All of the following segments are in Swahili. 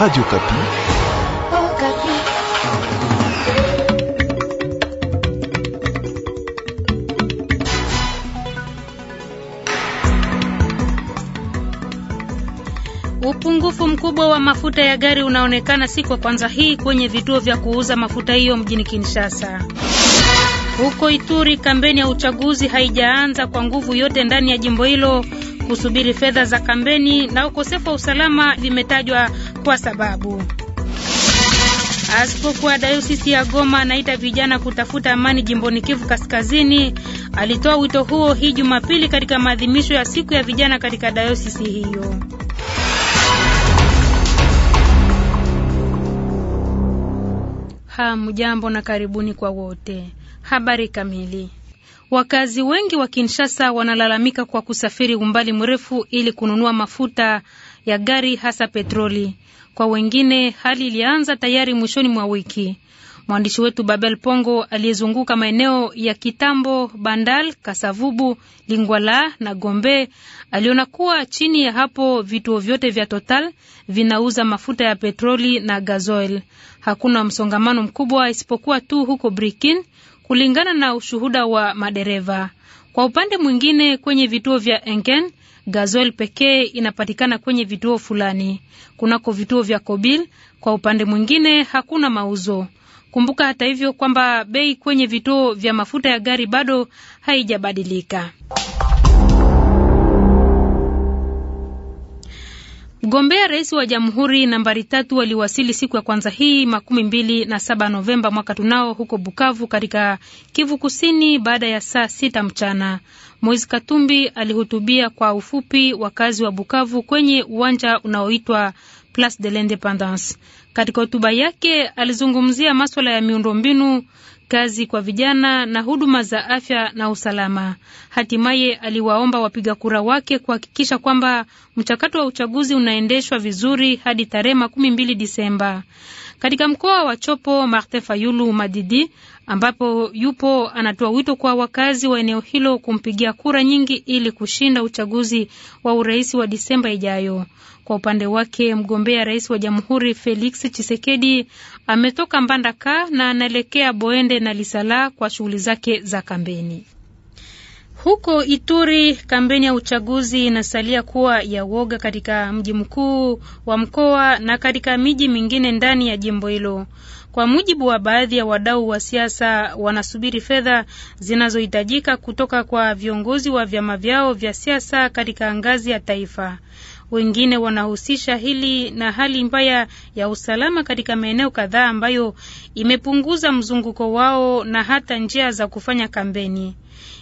Radio Kapi. Oh, Kapi. Upungufu mkubwa wa mafuta ya gari unaonekana siku ya kwanza hii kwenye vituo vya kuuza mafuta hiyo mjini Kinshasa. Huko Ituri, kampeni ya uchaguzi haijaanza kwa nguvu yote ndani ya jimbo hilo. Kusubiri fedha za kampeni na ukosefu wa usalama vimetajwa kwa sababu Askofu wa dayosisi ya Goma anaita vijana kutafuta amani jimboni Kivu Kaskazini. Alitoa wito huo hii Jumapili katika maadhimisho ya siku ya vijana katika dayosisi hiyo. Hamjambo na karibuni kwa wote. Habari kamili. Wakazi wengi wa Kinshasa wanalalamika kwa kusafiri umbali mrefu ili kununua mafuta ya gari hasa petroli. Kwa wengine hali ilianza tayari mwishoni mwa wiki. Mwandishi wetu Babel Pongo aliyezunguka maeneo ya Kitambo, Bandal, Kasavubu, Lingwala na Gombe aliona kuwa chini ya hapo vituo vyote vya Total vinauza mafuta ya petroli na gazoil. Hakuna msongamano mkubwa isipokuwa tu huko Brikin, kulingana na ushuhuda wa madereva. Kwa upande mwingine, kwenye vituo vya Engen Gazol pekee inapatikana kwenye vituo fulani. Kunako vituo vya Kobil kwa upande mwingine hakuna mauzo. Kumbuka hata hivyo kwamba bei kwenye vituo vya mafuta ya gari bado haijabadilika. Mgombea rais wa jamhuri nambari tatu aliwasili siku ya kwanza hii makumi mbili na saba Novemba mwaka tunao huko Bukavu katika Kivu Kusini baada ya saa sita mchana. Moise Katumbi alihutubia kwa ufupi wakazi wa Bukavu kwenye uwanja unaoitwa Place de l'Independance. Katika hotuba yake alizungumzia maswala ya miundombinu, kazi kwa vijana na huduma za afya na usalama. Hatimaye aliwaomba wapiga kura wake kuhakikisha kwamba mchakato wa uchaguzi unaendeshwa vizuri hadi tarehe makumi mbili Disemba katika mkoa wa Chopo. Marte Fayulu Madidi ambapo yupo anatoa wito kwa wakazi wa eneo hilo kumpigia kura nyingi ili kushinda uchaguzi wa urais wa Disemba ijayo. Kwa upande wake mgombea rais wa jamhuri Felix Chisekedi ametoka Mbandaka na anaelekea Boende na Lisala kwa shughuli zake za kampeni. Huko Ituri, kampeni ya uchaguzi inasalia kuwa ya woga katika mji mkuu wa mkoa na katika miji mingine ndani ya jimbo hilo. Kwa mujibu wa baadhi ya wadau wa siasa, wanasubiri fedha zinazohitajika kutoka kwa viongozi wa vyama vyao vya siasa katika ngazi ya taifa. Wengine wanahusisha hili na hali mbaya ya usalama katika maeneo kadhaa ambayo imepunguza mzunguko wao na hata njia za kufanya kampeni.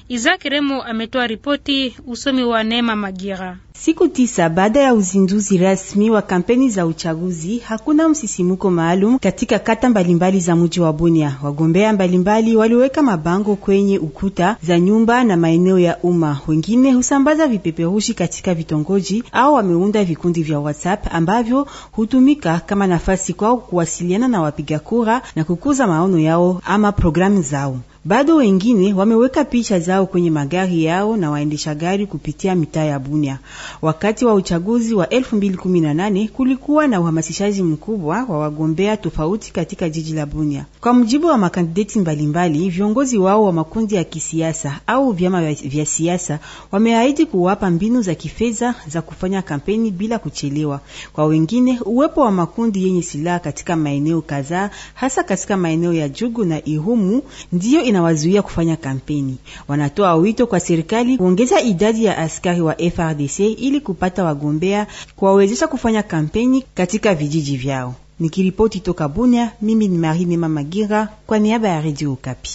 Isaac Remo ametoa ripoti, usomi wa Neema Magira. Siku tisa baada ya uzinduzi rasmi wa kampeni za uchaguzi, hakuna msisimuko maalum katika kata mbalimbali za mji wa Bunia. Wagombea mbalimbali waliweka mabango kwenye ukuta za nyumba na maeneo ya umma. Wengine husambaza vipeperushi katika vitongoji au wameunda vikundi vya WhatsApp ambavyo hutumika kama nafasi kwao kuwasiliana na wapiga kura na kukuza maono yao ama programu zao. Bado wengine wameweka picha zao kwenye magari yao na waendesha gari kupitia mitaa ya Bunia. Wakati wa uchaguzi wa 2018 kulikuwa na uhamasishaji mkubwa wa wagombea tofauti katika jiji la Bunia. Kwa mujibu wa makandideti mbalimbali, viongozi wao wa makundi ya kisiasa au vyama vya siasa wameahidi kuwapa mbinu za kifedha za kufanya kampeni bila kuchelewa. Kwa wengine, uwepo wa makundi yenye silaha katika maeneo kadhaa, hasa katika maeneo ya Jugu na Ihumu ndiyo inawazuia kufanya kampeni. Wanatoa wito kwa serikali kuongeza idadi ya askari wa FRDC ili kupata wagombea kuwawezesha kufanya kampeni katika vijiji vyao. Nikiripoti toka Bunia, mimi ni Marie Mema Magira kwa niaba ya redio Okapi.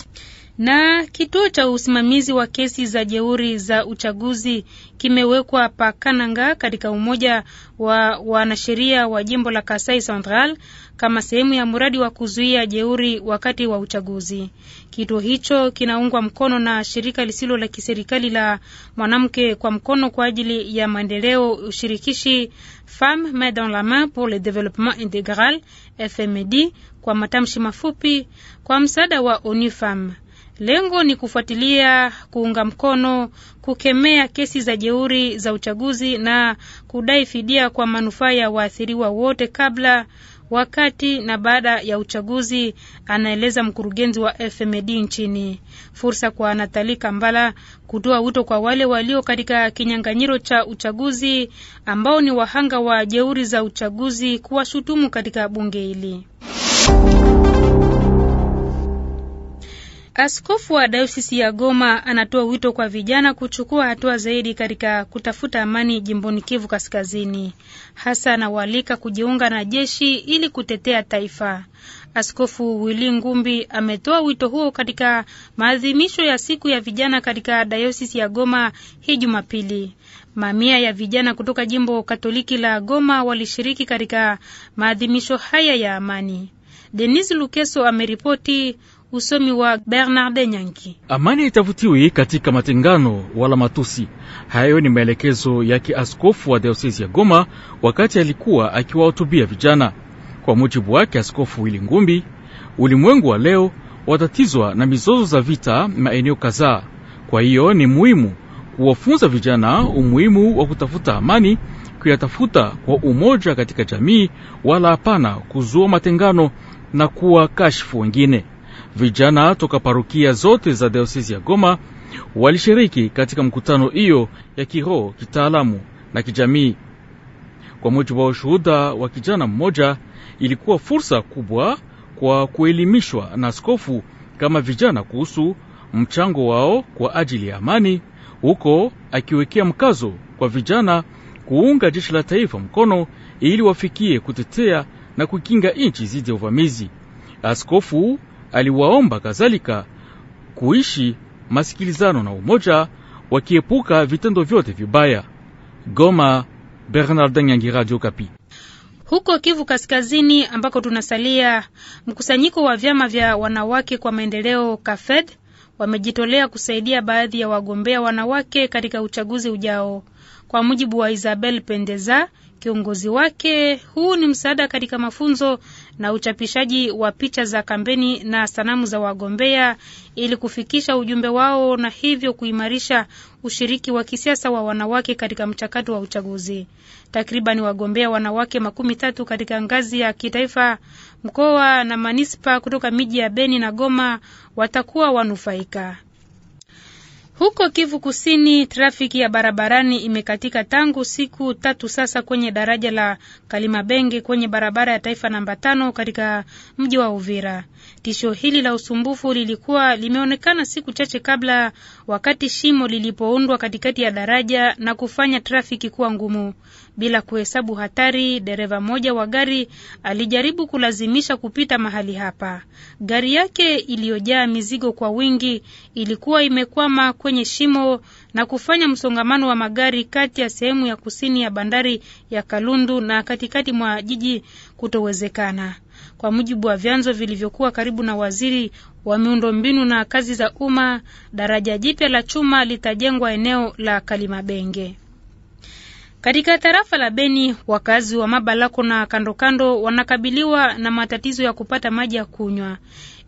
Na kituo cha usimamizi wa kesi za jeuri za uchaguzi kimewekwa pa Kananga katika umoja wa wanasheria wa jimbo la Kasai Central kama sehemu ya mradi wa kuzuia jeuri wakati wa uchaguzi. Kituo hicho kinaungwa mkono na shirika lisilo la kiserikali la mwanamke kwa mkono kwa ajili ya maendeleo ushirikishi Femmes Mains dans la Main pour le Développement Integral FMD kwa matamshi mafupi, kwa msaada wa ONU Lengo ni kufuatilia, kuunga mkono, kukemea kesi za jeuri za uchaguzi na kudai fidia kwa manufaa ya waathiriwa wote kabla, wakati na baada ya uchaguzi, anaeleza mkurugenzi wa FMD nchini. Fursa kwa Natali Kambala kutoa wito kwa wale walio katika kinyang'anyiro cha uchaguzi ambao ni wahanga wa jeuri za uchaguzi kuwashutumu katika bunge hili. Askofu wa dayosisi ya Goma anatoa wito kwa vijana kuchukua hatua zaidi katika kutafuta amani jimboni Kivu Kaskazini. Hasa anawaalika kujiunga na jeshi ili kutetea taifa. Askofu Wili Ngumbi ametoa wito huo katika maadhimisho ya siku ya vijana katika dayosisi ya Goma hii Jumapili. Mamia ya vijana kutoka jimbo Katoliki la Goma walishiriki katika maadhimisho haya ya amani. Denis Lukeso ameripoti. Usomi wa Bernarde Nyanki. Amani itafutiwi katika matengano wala matusi. Hayo ni maelekezo ya kiaskofu wa diosesi ya Goma wakati alikuwa akiwahutubia vijana. Kwa mujibu wake Askofu Wili Ngumbi, ulimwengu wa leo watatizwa na mizozo za vita maeneo kadhaa. Kwa hiyo ni muhimu kuwafunza vijana umuhimu wa kutafuta amani, kuyatafuta kwa umoja katika jamii, wala hapana kuzua matengano na kuwa kashifu wengine. Vijana toka parokia zote za diosezi ya Goma walishiriki katika mkutano hiyo ya kiroho, kitaalamu na kijamii. Kwa mujibu wa ushuhuda wa kijana mmoja, ilikuwa fursa kubwa kwa kuelimishwa na askofu kama vijana kuhusu mchango wao kwa ajili ya amani, huko akiwekea mkazo kwa vijana kuunga jeshi la taifa mkono ili wafikie kutetea na kukinga nchi dhidi ya uvamizi. Askofu aliwaomba kadhalika kuishi masikilizano na umoja, wakiepuka vitendo vyote vibaya. Goma, Bernardin Nyangi, Radio Kapi. Huko Kivu Kaskazini ambako tunasalia, mkusanyiko wa vyama vya wanawake kwa maendeleo kafed wamejitolea kusaidia baadhi ya wagombea wanawake katika uchaguzi ujao. Kwa mujibu wa Isabel Pendeza, kiongozi wake, huu ni msaada katika mafunzo na uchapishaji wa picha za kampeni na sanamu za wagombea ili kufikisha ujumbe wao na hivyo kuimarisha ushiriki wa kisiasa wa wanawake katika mchakato wa uchaguzi. Takriban wagombea wanawake makumi tatu katika ngazi ya kitaifa, mkoa na manispa kutoka miji ya Beni na Goma watakuwa wanufaika. Huko Kivu Kusini, trafiki ya barabarani imekatika tangu siku tatu sasa kwenye daraja la Kalimabenge kwenye barabara ya taifa namba tano katika mji wa Uvira. Tisho hili la usumbufu lilikuwa limeonekana siku chache kabla, wakati shimo lilipoundwa katikati ya daraja na kufanya trafiki kuwa ngumu. Bila kuhesabu hatari, dereva mmoja wa gari alijaribu kulazimisha kupita mahali hapa. Gari yake iliyojaa mizigo kwa wingi ilikuwa imekwama kwenye shimo na kufanya msongamano wa magari kati ya sehemu ya kusini ya bandari ya Kalundu na katikati mwa jiji kutowezekana kwa mujibu wa vyanzo vilivyokuwa karibu na waziri wa miundombinu na kazi za umma, daraja jipya la chuma litajengwa eneo la Kalimabenge. Katika tarafa la Beni, wakazi wa Mabalako na kandokando wanakabiliwa na matatizo ya kupata maji ya kunywa.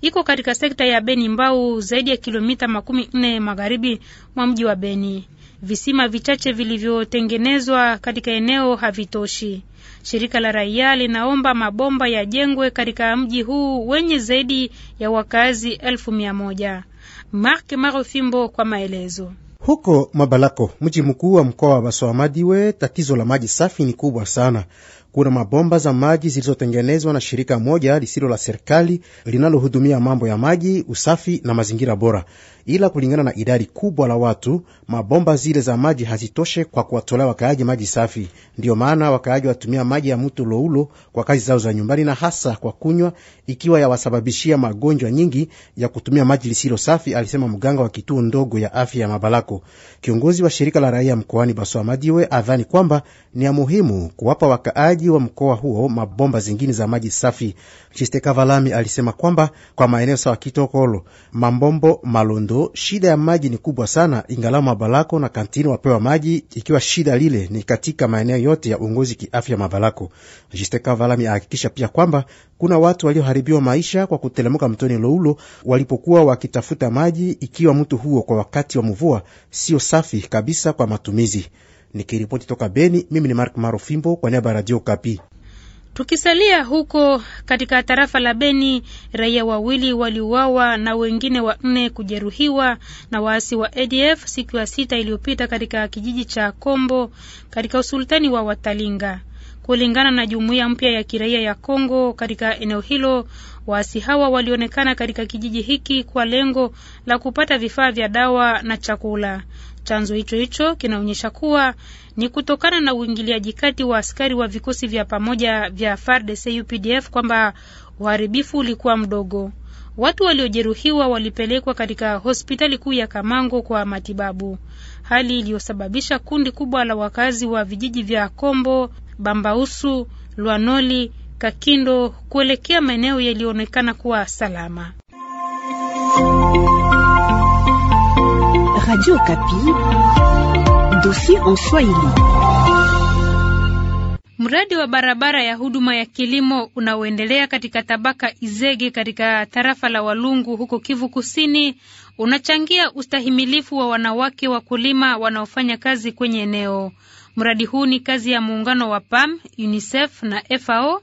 Iko katika sekta ya Beni Mbau, zaidi ya kilomita makumi nne magharibi mwa mji wa Beni. Visima vichache vilivyotengenezwa katika eneo havitoshi. Shirika la raia linaomba mabomba yajengwe katika mji huu wenye zaidi ya wakazi elfu mia moja. Mark Marofimbo kwa maelezo. Huko Mabalako, mji mkuu wa mkoa wa Basoamadiwe, tatizo la maji safi ni kubwa sana kuna mabomba za maji zilizotengenezwa na shirika moja lisilo la serikali linalohudumia mambo ya maji, usafi na mazingira bora, ila kulingana na idadi kubwa la watu, mabomba zile za maji hazitoshe kwa kuwatolea wakaaji maji safi. Ndiyo maana wakaaji watumia maji ya mto Loulo kwa kazi zao za nyumbani na hasa kwa kunywa, ikiwa yawasababishia magonjwa nyingi ya kutumia maji lisilo safi, alisema mganga wa kituo ndogo ya afya ya Mabalako. Kiongozi wa shirika la raia mkoani Baswamadiwe adhani kwamba ni ya muhimu kuwapa wakaaji upatikanaji wa mkoa huo mabomba zingine za maji safi. Chiste Kavalami alisema kwamba kwa maeneo sawa Kitokolo, Mambombo, Malondo, shida ya maji ni kubwa sana, ingalau Mabalako na kantini wapewa maji, ikiwa shida lile ni katika maeneo yote ya uongozi kiafya Mabalako. Chiste Kavalami ahakikisha pia kwamba kuna watu walioharibiwa maisha kwa kutelemuka mtoni Loulo walipokuwa wakitafuta maji, ikiwa mtu huo kwa wakati wa mvua sio safi kabisa kwa matumizi. Nikiripoti toka Beni, mimi ni Mark Marofimbo kwa niaba ya Radio Kapi. Tukisalia huko katika tarafa la Beni, raia wawili waliuawa na wengine wanne kujeruhiwa na waasi wa ADF siku ya sita iliyopita katika kijiji cha Kombo katika usultani wa Watalinga. Kulingana na jumuiya mpya ya kiraia ya Kongo katika eneo hilo, waasi hawa walionekana katika kijiji hiki kwa lengo la kupata vifaa vya dawa na chakula. Chanzo hicho hicho kinaonyesha kuwa ni kutokana na uingiliaji kati wa askari wa vikosi vya pamoja vya FARDC UPDF kwamba uharibifu ulikuwa mdogo. Watu waliojeruhiwa walipelekwa katika hospitali kuu ya Kamango kwa matibabu, hali iliyosababisha kundi kubwa la wakazi wa vijiji vya Kombo, Bambausu, Lwanoli, Kakindo kuelekea maeneo yaliyoonekana kuwa salama. Radio Kapi, dossier en Swahili. Mradi wa barabara ya huduma ya kilimo unaoendelea katika tabaka Izege katika tarafa la Walungu huko Kivu Kusini unachangia ustahimilifu wa wanawake wakulima wanaofanya kazi kwenye eneo. Mradi huu ni kazi ya muungano wa PAM, UNICEF na FAO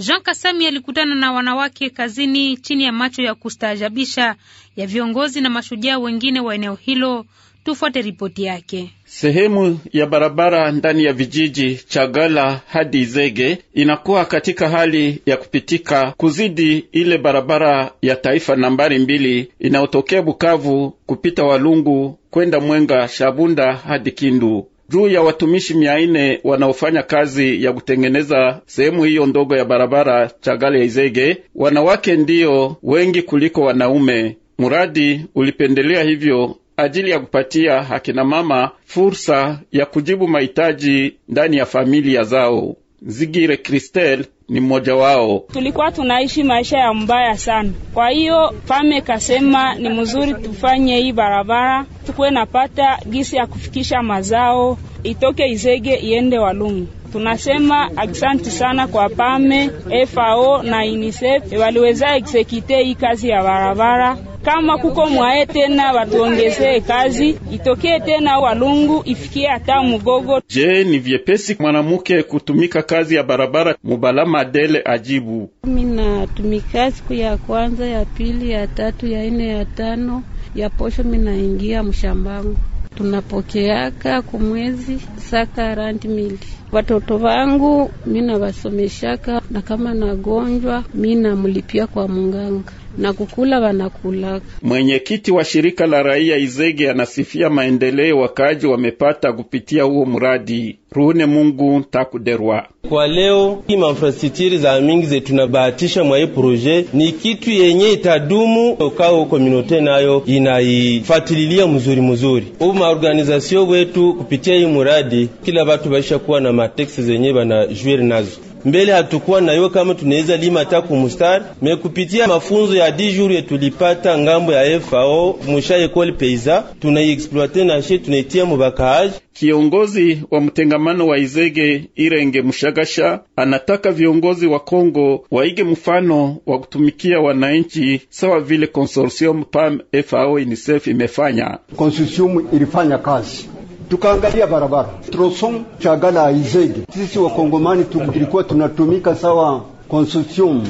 Jean Kasami alikutana na wanawake kazini chini ya macho ya kustaajabisha ya viongozi na mashujaa wengine wa eneo hilo. Tufuate ripoti yake. Sehemu ya barabara ndani ya vijiji Chagala hadi Izege inakuwa katika hali ya kupitika kuzidi ile barabara ya taifa nambari mbili inayotokea Bukavu kupita Walungu kwenda Mwenga Shabunda hadi Kindu juu ya watumishi mia wanaofanya kazi ya kutengeneza sehemu hiyo ndogo ya barabara Chagali ya Izege, wanawake ndiyo wengi kuliko wanaume. Muradi ulipendelea hivyo ajili ya kupatia hakina mama fursa ya kujibu mahitaji ndani ya familia zao. Zigire Kristel ni mmoja wao. Tulikuwa tunaishi maisha ya mbaya sana, kwa hiyo pame kasema ni mzuri tufanye hii barabara, tukuwe napata gisi ya kufikisha mazao itoke Izege iende Walungu. Tunasema aksanti sana kwa PAME, FAO na UNICEF waliweza eksekite hii kazi ya barabara. Kama kuko mwae tena watuongezee kazi itokee tena Walungu ifikie hata Mugogo. Je, ni vyepesi mwanamke kutumika kazi ya barabara? Mubala Madele ajibu: natumika siku ya kwanza, ya pili, ya tatu, ya nne, ya tano, ya posho minaingia mshambangu tunapokeaka kumwezi saka randi mili watoto vangu mina vasomeshaka na kama nagonjwa mina mulipia kwa munganga na kukula wanakula. Mwenyekiti wa shirika la raia Izege anasifia maendeleo wakaaji wamepata kupitia huo mradi. Rune Mungu takuderwa kwa leo hii manfrastrukturi za mingi ze tunabahatisha mwa hii proje ni kitu yenye itadumu ukao komunote nayo inaifatililia mzuri mzuri maorganizasio wetu kupitia hii muradi, kila batu baisha kuwa na mateksi zenye banajuiri nazo mbele hatukuwa nayo kama tunaweza lima hata kumustari mekupitia mafunzo ya dijuru yetulipata tulipata ngambo ya FAO musha ekole peiza tunaiexploite nashe tunaitia mubakaaji. Kiongozi wa mtengamano wa Izege Irenge Mushagasha anataka viongozi wa Kongo waige mfano wa kutumikia wananchi sawa vile consortium PAM FAO UNICEF imefanya. Consortium ilifanya kazi tukaangalia barabara Troson Chagala Izege. Sisi wakongomani tulikuwa tunatumika sawa consortium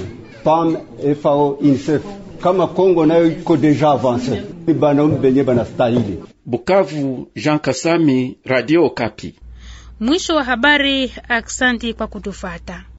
PAM FAO INSEF kama Kongo nayo iko deja avance, banaume benye banastahili. Bukavu, Jean Kasami, Radio Kapi. Mwisho wa habari. Aksanti kwa kutufata.